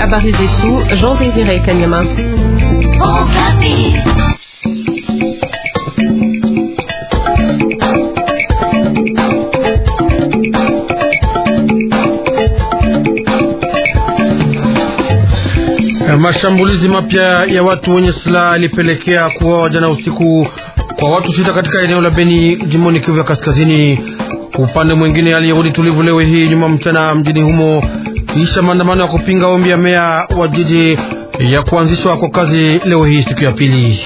Habari zetu Jean Désiré Kanyama. Mashambulizi mapya ya watu wenye silaha yalipelekea kuwa jana usiku kwa watu sita katika eneo la Beni jimboni Kivu ya Kaskazini. Upande mwingine aliyerudi tulivu leo hii nyuma mchana mjini humo kisha maandamano ya kupinga ombi ya meya wa jiji ya kuanzishwa kwa kazi leo hii siku ya pili.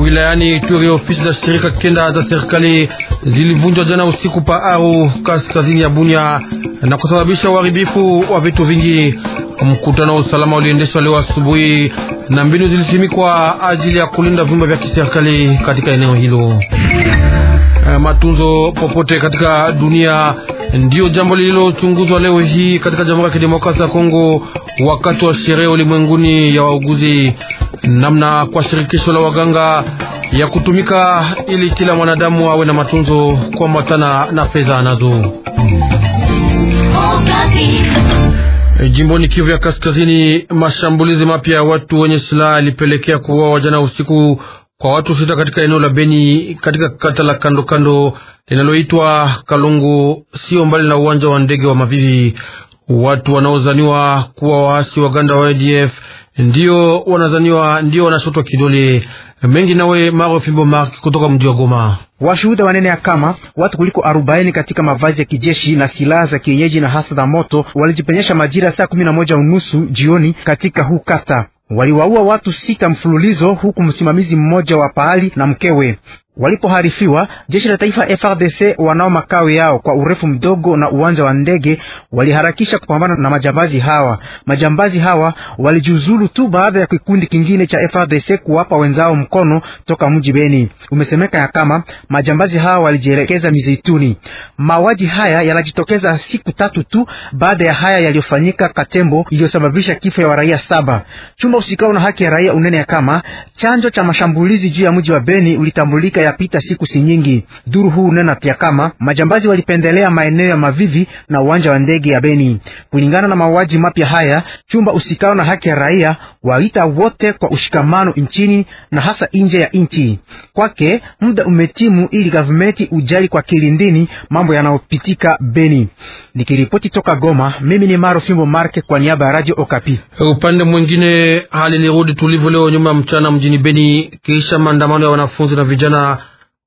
Wilayani turi ofisi za shirika kenda za serikali zilivunjwa jana usiku pa Aru, kaskazini ya bunya na kusababisha uharibifu wa vitu vingi. Mkutano wa usalama uliendeshwa leo asubuhi na mbinu zilisimikwa ajili ya kulinda vyumba vya kiserikali katika eneo hilo. Eh, matunzo popote katika dunia. Ndiyo jambo lililochunguzwa leo hii katika Jamhuri ya Kidemokrasia ya Kongo wakati wa sherehe ulimwenguni ya wauguzi, namna kwa shirikisho la waganga ya kutumika ili kila mwanadamu awe na matunzo kuambatana na fedha anazo. Eh, jimboni Kivu ya Kaskazini, mashambulizi mapya ya watu wenye silaha yalipelekea kuuawa jana usiku kwa watu sita katika eneo la Beni katika kata la kando kando linaloitwa Kalungu, sio mbali na uwanja wa ndege wa Mavivi. Watu wanaozaniwa kuwa waasi waganda wa ADF ndio wanazaniwa ndio wanashotwa kidole mengi. Nawe Maro Fimbo Mark kutoka mji wa Goma. Washuhuda wanene ya kama watu kuliko 40 katika mavazi ya kijeshi na silaha za kienyeji na hasa za moto walijipenyesha majira saa kumi na moja unusu jioni katika huu kata waliwaua watu sita mfululizo, huku msimamizi mmoja wa pahali na mkewe. Walipoharifiwa, jeshi la taifa FRDC wanao makao yao kwa urefu mdogo na uwanja wa ndege, waliharakisha kupambana na majambazi hawa. Majambazi hawa walijiuzulu tu baada ya kikundi kingine cha FRDC kuwapa wenzao mkono toka mji Beni. Umesemeka ya kama majambazi hawa walijielekeza mizituni. Mauaji haya yanajitokeza siku tatu tu baada ya haya yaliyofanyika Katembo, iliyosababisha kifo ya raia saba. Chumba usikao na haki ya raia unene ya kama chanjo cha mashambulizi juu ya mji wa Beni ulitambulika yapita siku si nyingi. Duru huu nena pia kama majambazi walipendelea maeneo ya Mavivi na uwanja wa ndege ya Beni. Kulingana na mauaji mapya haya, chumba usikao na haki ya raia waita wote kwa ushikamano nchini na hasa nje ya nchi. Kwake muda umetimu ili gavumenti ujali kwa kilindini mambo yanayopitika Beni. Nikiripoti toka Goma, mimi ni Maro Fimbo Marke kwa niaba ya Radio Okapi. Upande mwingine, hali ni rudi tulivu leo nyuma mchana mjini Beni kisha maandamano ya wanafunzi na vijana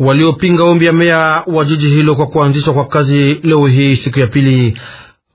waliopinga ombi ya meya wa jiji hilo kwa kuanzishwa kwa kazi leo hii siku ya pili.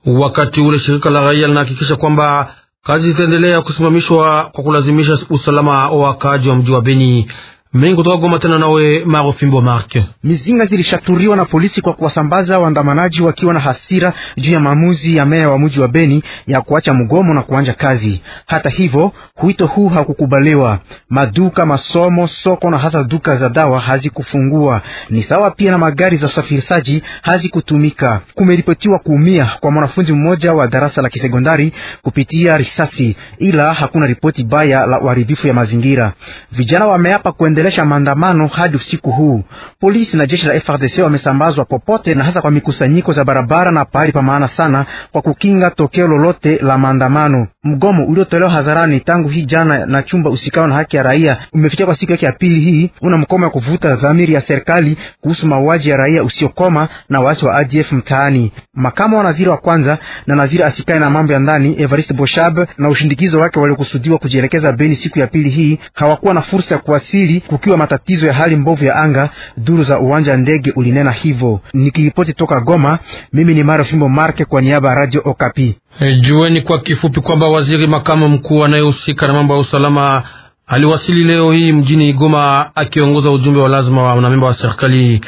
Wakati ule shirika la raia linahakikisha kwamba kazi zitaendelea kusimamishwa kwa kulazimisha usalama wa wakaaji wa mji wa Beni mengi kutoka Goma tena nawe Fimbo Mark. Mizinga zilishaturiwa na polisi kwa kuwasambaza waandamanaji wakiwa na hasira juu ya maamuzi ya meya wa mji wa Beni ya kuacha mgomo na kuanja kazi. Hata hivyo, wito huu hakukubaliwa. Maduka, masomo, soko na hasa duka za dawa hazikufungua. Ni sawa pia na magari za usafirishaji hazikutumika. Kumeripotiwa kuumia kwa mwanafunzi mmoja wa darasa la kisekondari kupitia risasi, ila hakuna ripoti baya la uharibifu ya mazingira. Vijana wameapa kuenda kuendelesha maandamano hadi usiku huu. Polisi na jeshi la FRDC wamesambazwa popote na hasa kwa mikusanyiko za barabara na pahali pa maana sana, kwa kukinga tokeo lolote la maandamano. Mgomo uliotolewa hadharani tangu hii jana na chumba usikao na haki ya raia umefikia kwa siku yake ya pili hii, una mkomo ya kuvuta dhamiri ya serikali kuhusu mauaji ya raia usiokoma na waasi wa ADF mtaani. Makamu wa naziri wa kwanza na naziri asikae na mambo ya ndani Evariste Boshab na ushindikizo wake waliokusudiwa kujielekeza Beni siku ya pili hii hawakuwa na fursa ya kuwasili kukiwa matatizo ya hali mbovu ya anga, duru za uwanja wa ndege ulinena hivyo. Nikiripoti toka Goma, mimi ni Maro Fimbo Marke kwa niaba ya Radio Okapi. Hey, eh, jueni kwa kifupi kwamba waziri makamu mkuu anayehusika na mambo ya usalama aliwasili leo hii mjini Goma akiongoza ujumbe wa lazima wa wanamemba wa serikali.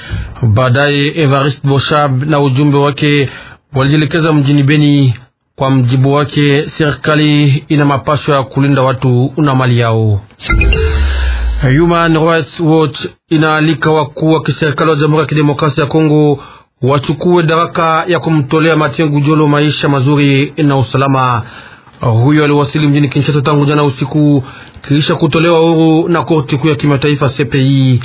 Baadaye Evariste Boshab na ujumbe wake walijielekeza mjini Beni. Kwa mjibu wake, serikali ina mapasho ya kulinda watu na mali yao. Human Rights Watch inaalika wakuu wa kiserikali wa Jamhuri ya Kidemokrasia ya Kongo wachukue daraka ya kumtolea Matengu Jolo maisha mazuri na usalama. Huyo aliwasili mjini Kinshasa tangu jana usiku kisha kutolewa huru na korti kuu ya kimataifa CPI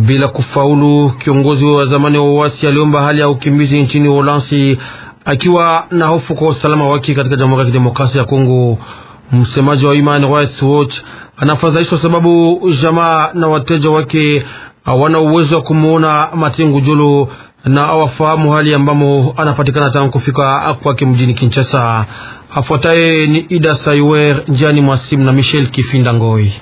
bila kufaulu. Kiongozi wa zamani wa uasi aliomba hali ya ukimbizi nchini Uholanzi akiwa na hofu kwa usalama wake katika Jamhuri ya Kidemokrasia ya Kongo. Msemaji wa Human Rights Watch anafadhaishwa sababu jamaa na wateja wake hawana uwezo wa kumwona Matengu Jolo na awafahamu hali ambamo anapatikana tangu kufika kwake mjini Kinshasa. Afuataye ni Ida Saiwer njiani mwa simu na Michel Kifinda Ngoi.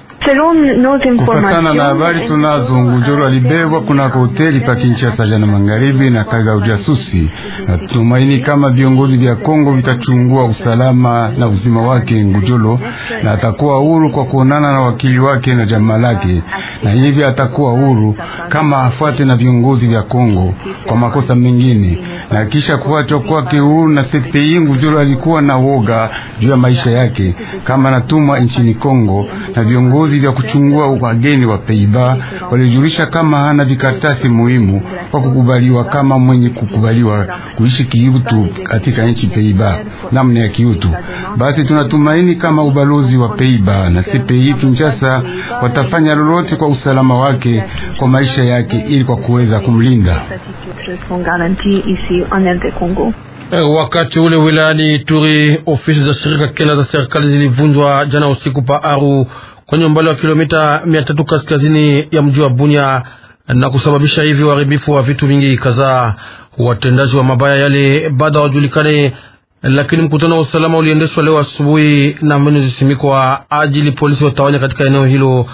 Kufatana na habari tunazo, Ngujoro alibebwa kunako hoteli pa Kinshasa jana magharibi na kazi za ujasusi. Natumaini kama viongozi vya Kongo vitachungua usalama na uzima wake Ngujoro, na atakuwa huru kwa kuonana na wakili wake na jamaa lake, na hivi atakuwa huru kama afuate na viongozi vya Kongo kwa makosa mengine. Na kisha kuachwa kwake huru na CPI, Ngujoro alikuwa na woga juu ya maisha yake, kama anatumwa nchini Kongo na viongozi viongozi vya kuchungua wageni wa Peiba walijulisha kama hana vikaratasi muhimu kwa kukubaliwa kama mwenye kukubaliwa kuishi kiutu katika nchi Peiba, namna ya kiutu. Basi tunatumaini kama ubalozi wa Peiba na CPI Kinshasa watafanya lolote kwa usalama wake, kwa maisha yake, ili kwa kuweza kumlinda. Eh, wakati ule wilayani Ituri, ofisi za shirika kela za serikali zilivunjwa jana usiku pa Aru, kwenye umbali wa kilomita mia tatu kaskazini ya mji wa Bunya na kusababisha hivi uharibifu wa vitu vingi kadhaa. Watendaji wa mabaya yale baada wajulikane, lakini mkutano wa usalama uliendeshwa leo asubuhi na mbinu zisimikwa ajili polisi watawanya katika eneo hilo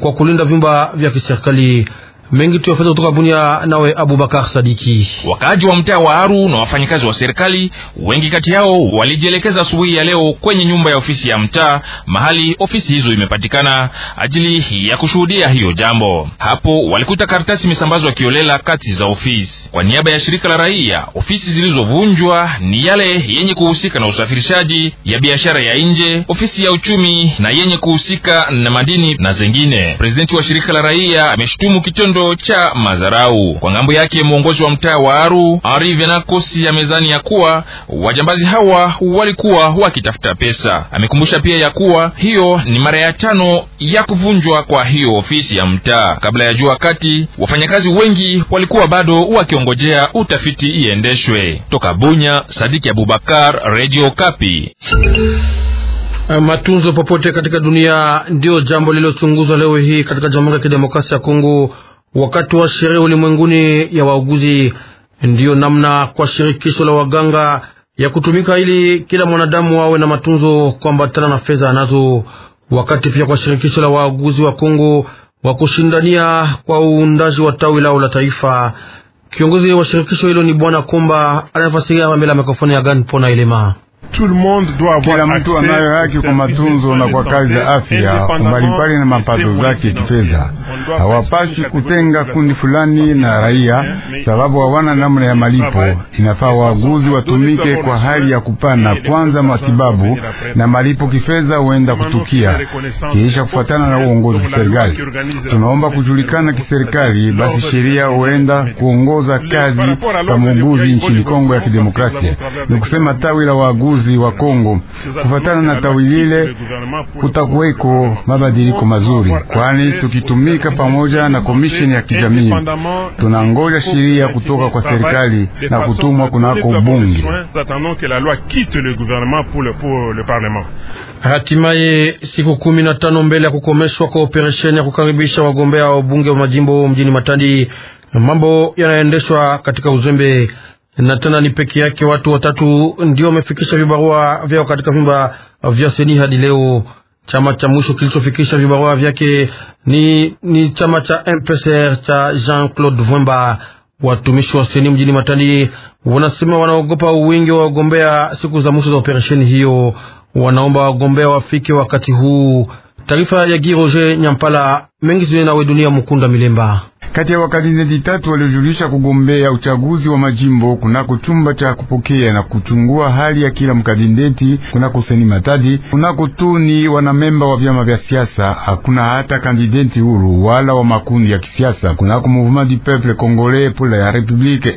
kwa kulinda vyumba vya kiserikali. Mengi tuyafata kutoka Bunia, nawe Abubakar Sadiki. Wakaaji wa mtaa wa Aru na wafanyakazi wa serikali wengi kati yao walijielekeza asubuhi ya leo kwenye nyumba ya ofisi ya mtaa, mahali ofisi hizo imepatikana ajili ya kushuhudia hiyo jambo. Hapo walikuta karatasi imesambazwa kiolela kati za ofisi. Kwa niaba ya shirika la raia, ofisi zilizovunjwa ni yale yenye kuhusika na usafirishaji, ya biashara ya nje, ofisi ya uchumi na yenye kuhusika na madini na zengine. Presidenti wa shirika la raia ameshutumu kitendo kitendo cha madharau. Kwa ngambo yake, mwongozi wa mtaa wa Aru Henri Venakosi ya mezani ya kuwa wajambazi hawa walikuwa wakitafuta pesa. Amekumbusha pia ya kuwa hiyo ni mara ya tano ya kuvunjwa kwa hiyo ofisi ya mtaa. Kabla ya jua kati, wafanyakazi wengi walikuwa bado wakiongojea utafiti iendeshwe. Toka Bunya, Sadiki Abubakar, Radio Kapi. Eh, matunzo popote katika dunia ndiyo jambo lililochunguzwa leo hii katika Jamhuri ya Kidemokrasia ya Kongo wakati wa sherehe ulimwenguni ya wauguzi. Ndiyo namna kwa shirikisho la waganga ya kutumika ili kila mwanadamu awe na matunzo kuambatana na fedha anazo, wakati pia kwa shirikisho la wauguzi wa Kongo wa kushindania kwa uundaji wa tawi lao la taifa. Kiongozi wa shirikisho hilo ni Bwana Kumba anayefasiria mbele ya mikrofoni ya Gan Pona Ilema. Kila mtu anayo haki kwa matunzo na kwa kazi za afya mbalimbali na mapato zake kifedha. hawapashi kutenga kundi fulani na raia, sababu hawana namna ya malipo. Inafaa waguzi watumike kwa hali ya kupana kwanza matibabu na malipo kifedha huenda kutukia kisha kufuatana na uongozi wa kiserikali. Tunaomba kujulikana kiserikali, basi sheria huenda kuongoza kazi za muuguzi nchini Kongo ya Kidemokrasia. Ni kusema tawi la waaguzi uchaguzi wa Kongo. Kufatana na tawilile, kutakuweko mabadiliko mazuri, kwani tukitumika pamoja na komisheni ya kijamii, tunangoja sheria kutoka kwa serikali na kutumwa kunako bunge. Hatimaye siku kumi na tano mbele ya kukomeshwa kwa operesheni ya kukaribisha wagombea wa ubunge wa majimbo mjini Matadi, mambo yanaendeshwa katika uzembe na tena ni peke yake watu watatu ndio wamefikisha vibarua vyao katika vyumba vya seni hadi leo. Chama cha mwisho kilichofikisha vibarua vyake ni, ni chama cha MPCR cha Jean Claude Vwemba. Watumishi wa seni mjini Matadi wanasema wanaogopa wingi wa wagombea siku za mwisho za operesheni hiyo, wanaomba wagombea wafike wakati huu. Taarifa ya Giroje Nyampala mengi nawe dunia mkunda milemba kati ya wakandideti tatu waliojulisha kugombea uchaguzi wa majimbo kunako chumba cha kupokea na kuchungua hali ya kila mkandideti kunako seni Matadi kunako tuni wanamemba wa vyama vya siasa, hakuna hata kandideti huru wala wa makundi ya kisiasa kunako Mouvement du Peuple Congolais pour la République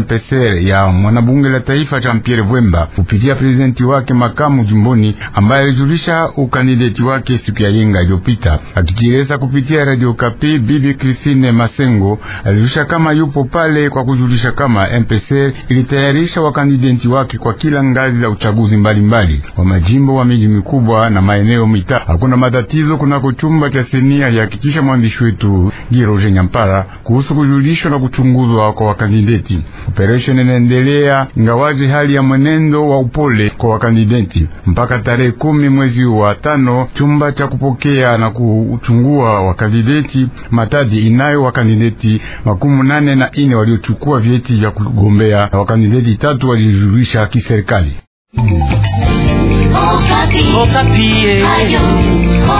MPCR ya mwanabunge la taifa Jean Pierre Vwemba kupitia prezidenti wake makamu jimboni, ambaye alijulisha ukandideti wake siku ya yenga iliyopita, akijieleza kupitia kupitia Radio Kapi, bibi Christine Masengo alijulisha kama yupo pale kwa kujulisha kama MPC ilitayarisha wakandidenti wake kwa kila ngazi za uchaguzi mbalimbali mbali, wa majimbo wa miji mikubwa na maeneo mitaa. Hakuna matatizo kunako chumba cha senia, alihakikisha mwandishi wetu Giroje Nyampara kuhusu kujulishwa na kuchunguzwa kwa wakandideti. Operesheni inaendelea ingawaje hali ya mwenendo wa upole kwa wakandideti mpaka tarehe kumi mwezi wa tano, chumba cha kupokea na kuchungua wakandideti Matadi inayo wakandideti makumi nane na ine waliochukua vyeti vya kugombea. na Wakandideti tatu walijulisha kiserikali. Okapi.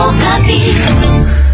Okapi.